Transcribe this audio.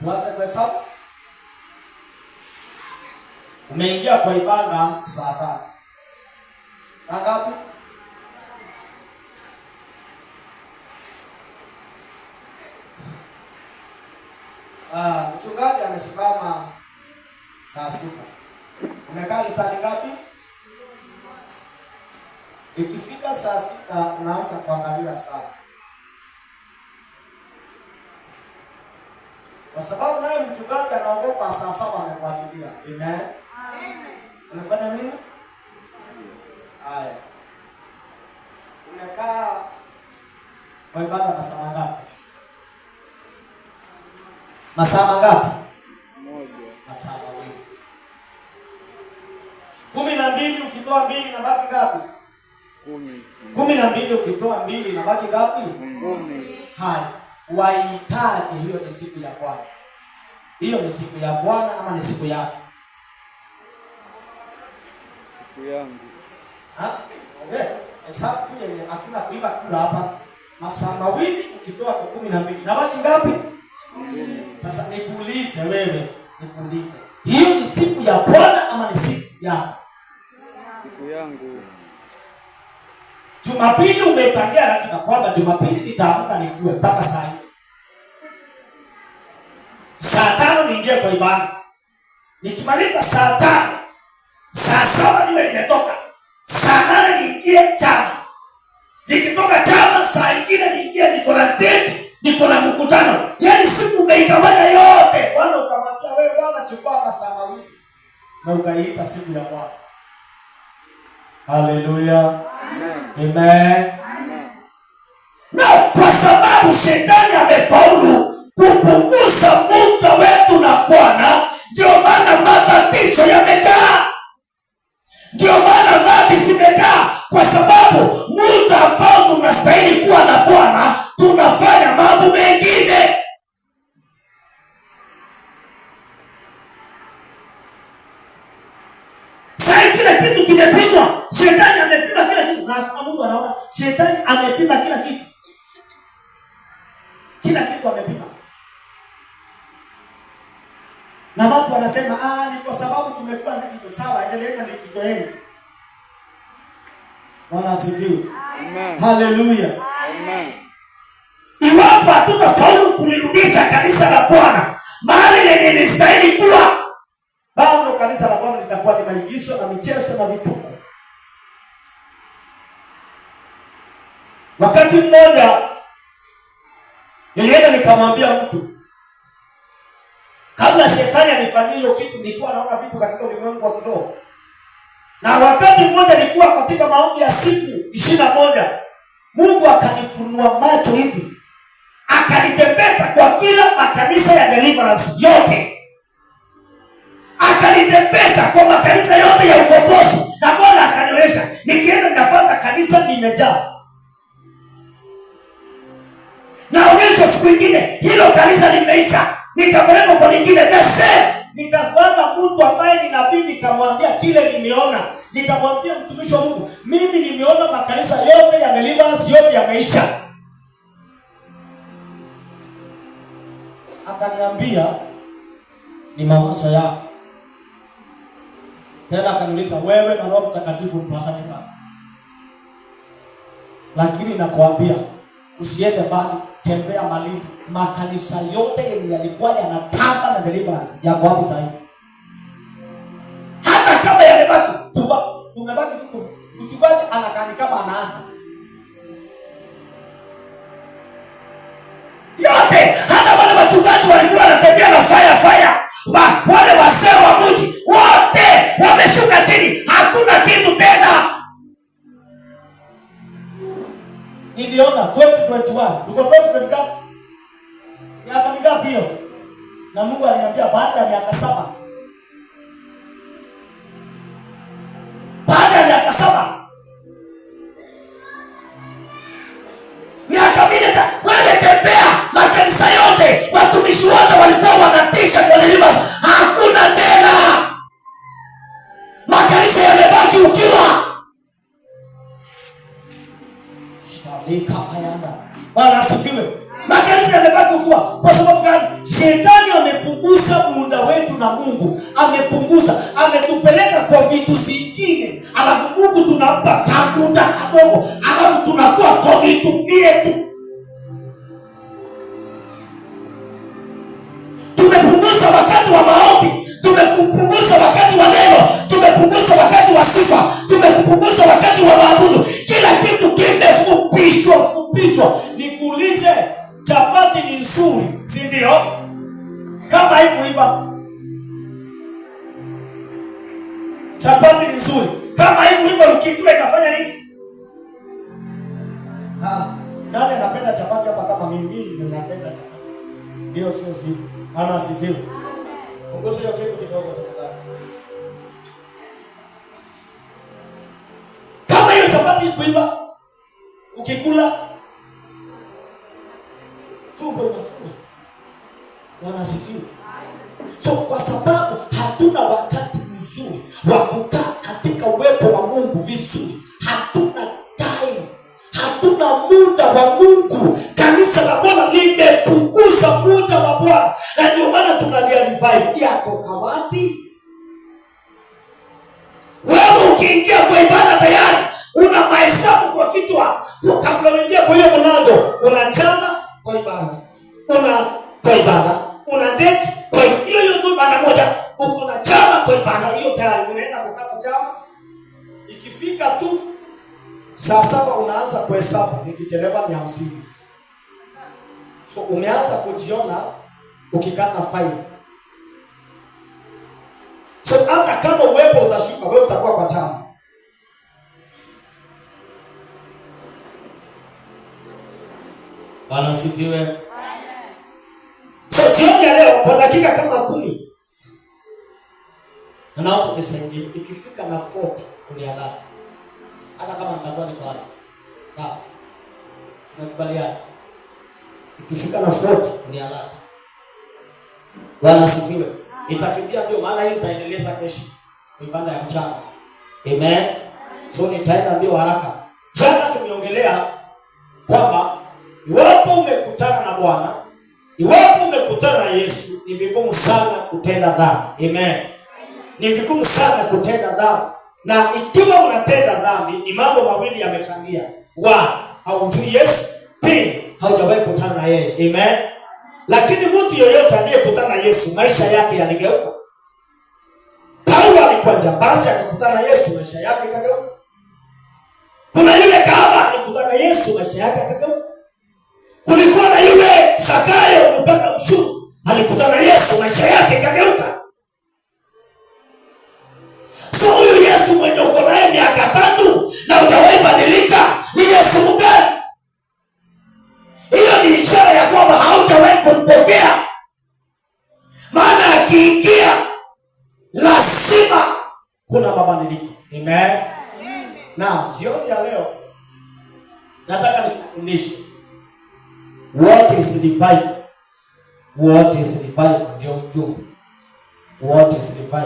tuanze kuhesabu. Umeingia kwa ibada saa ngapi? Saa ngapi? Ah, mchungaji amesimama saa sita. Umekali lisani ngapi? Ikifika saa sita unaanza kuangalia saa kwa sababu naye mchungaji anaogopa saa saba amekuachilia. Amen. Unafanya nini? Haya, umekaa kwa ibada masaa ngapi? Masaa mangapi? Moja. Masaa mawili, kumi na mbili. Ukitoa mbili na baki ngapi? Kumi. Kumi na mbili. Ukitoa mbili na baki ngapi? Kumi. Haya, waitaje hiyo ni siku ya kwanza hiyo ni siku ya Bwana ama ni siku yako? Siku yangu. Ha? Okay. Eh, hesabu yenye hakuna kuiba kura hapa. Masaa mawili ukipewa kwa kumi na mbili. Na baki ngapi? Sasa nikuulize wewe, nikuulize. Hiyo ni siku ya Bwana ama ni siku yako? Siku yangu. Jumapili umeipangia ratiba kwamba Jumapili nitaamka nifue mpaka saa hii. Saa niingie kwa ibada. Nikimaliza saa tano, saa saba niwe nimetoka, saa nane niingie chama. Nikitoka chama, saa ingine niingie, niko na date, niko na mkutano, yaani siku umeigawanya yote. Bwana ukamwambia wewe, Bwana chukua masaa mawili na ukaiita siku ya Bwana. Haleluya, amen, amen. Na kwa sababu shetani amefaulu kupunguza Mungu shetani amepima kila kitu, kila kitu amepima, na watu wanasema ah, ni kwa sababu tumekuwa na kitu sawa. Endeleeni na kitu yenu. Bwana asifiwe, haleluya. Iwapo hatutafaulu kulirudisha kanisa la Bwana mahali lenye listahili kuwa, bado kanisa la Bwana litakuwa ni maigizo na michezo na vituko Wakati mmoja nilienda nikamwambia mtu, kabla shetani anifanyia hiyo kitu, nilikuwa naona vitu katika ulimwengu wa kiroho. Na wakati mmoja nilikuwa katika maombi ya siku ishirini na moja, Mungu akanifunua macho hivi, akanitembeza kwa kila makanisa ya deliverance yote akanitembeza kwa makanisa yote ya ukombozi, na Bwana akanionyesha, nikienda ninapata kanisa limejaa naonyesha siku ingine hilo kanisa limeisha, nikapeleka kwa lingine the same. mtu ambaye ni nabii, nikamwambia kile nimeona, nikamwambia mtumishi wa Mungu, mimi nimeona makanisa yote ya yote yameisha. Akaniambia ni mawazo yako. Tena akaniuliza wewe na Roho Mtakatifu mpaka lakini nakwambia usiende mbali tembea malipo. Makanisa yote yenye yalikuwa yanatamba na deliverance yako hapo sasa hivi? ukiwa Bwana asifiwe. Makanisa yamebaki ukiwa. Kwa sababu gani? Shetani amepunguza muda wetu na Mungu, amepunguza, ametupeleka kwa vitu vingine, alafu Mungu tunampa kamuda kadogo, alafu tunakuwa kwa vitu vyetu. kuiba. Chapati ni nzuri kama hii kuiba, ukikiwa inafanya nini? Ha, nani anapenda chapati hapa? Kama mimi ninapenda chapati, ndio sio siku ana asifiwe. Ongoza hiyo kitu kidogo tafadhali. Kama hiyo chapati kuiba ukikula hatuna muda wa Mungu. Kanisa la Bwana limepunguza muda wa Mungu. So umeanza kujiona ukikata faili. So hata kama uwepo utashuka, wewe utakuwa kwa chama. Bwana sifiwe. So jioni ya leo kwa dakika kama kumi naomba unisaidie, ikifika na 40 unialata, hata kama nitakuwa ni bali sawa, nakubaliana Ukifika na 40 ni alert. Bwana asifiwe. Nitakimbia ndio maana hii nitaendeleza kesho. Ibada ya mchana. Amen. So nitaenda mbio haraka. Jana tumeongelea kwamba iwapo umekutana na Bwana, iwapo umekutana na Yesu, ni vigumu sana kutenda dhambi. Amen. Ni vigumu sana kutenda dhambi. Na ikiwa unatenda dhambi, ni mambo mawili yamechangia. Wa, haujui Yesu. Pili, haujawahi kutana na yeye. Amen. Lakini mtu yeyote aliyekutana na Yesu maisha yake yaligeuka. Paulo alikuwa jambazi, akakutana na Yesu, maisha yake yakageuka. Kuna yule kama alikutana na Yesu, maisha yake yakageuka. Kulikuwa na yule Zakayo mpaka ushuru, alikutana na Yesu, maisha yake yakageuka. So huyu Yesu mwenye uko naye miaka kuna mabadiliko. Amen. Na jioni ya leo nataka nikufundishe what is revival. What is revival? Ndio mjumbe. What is revival?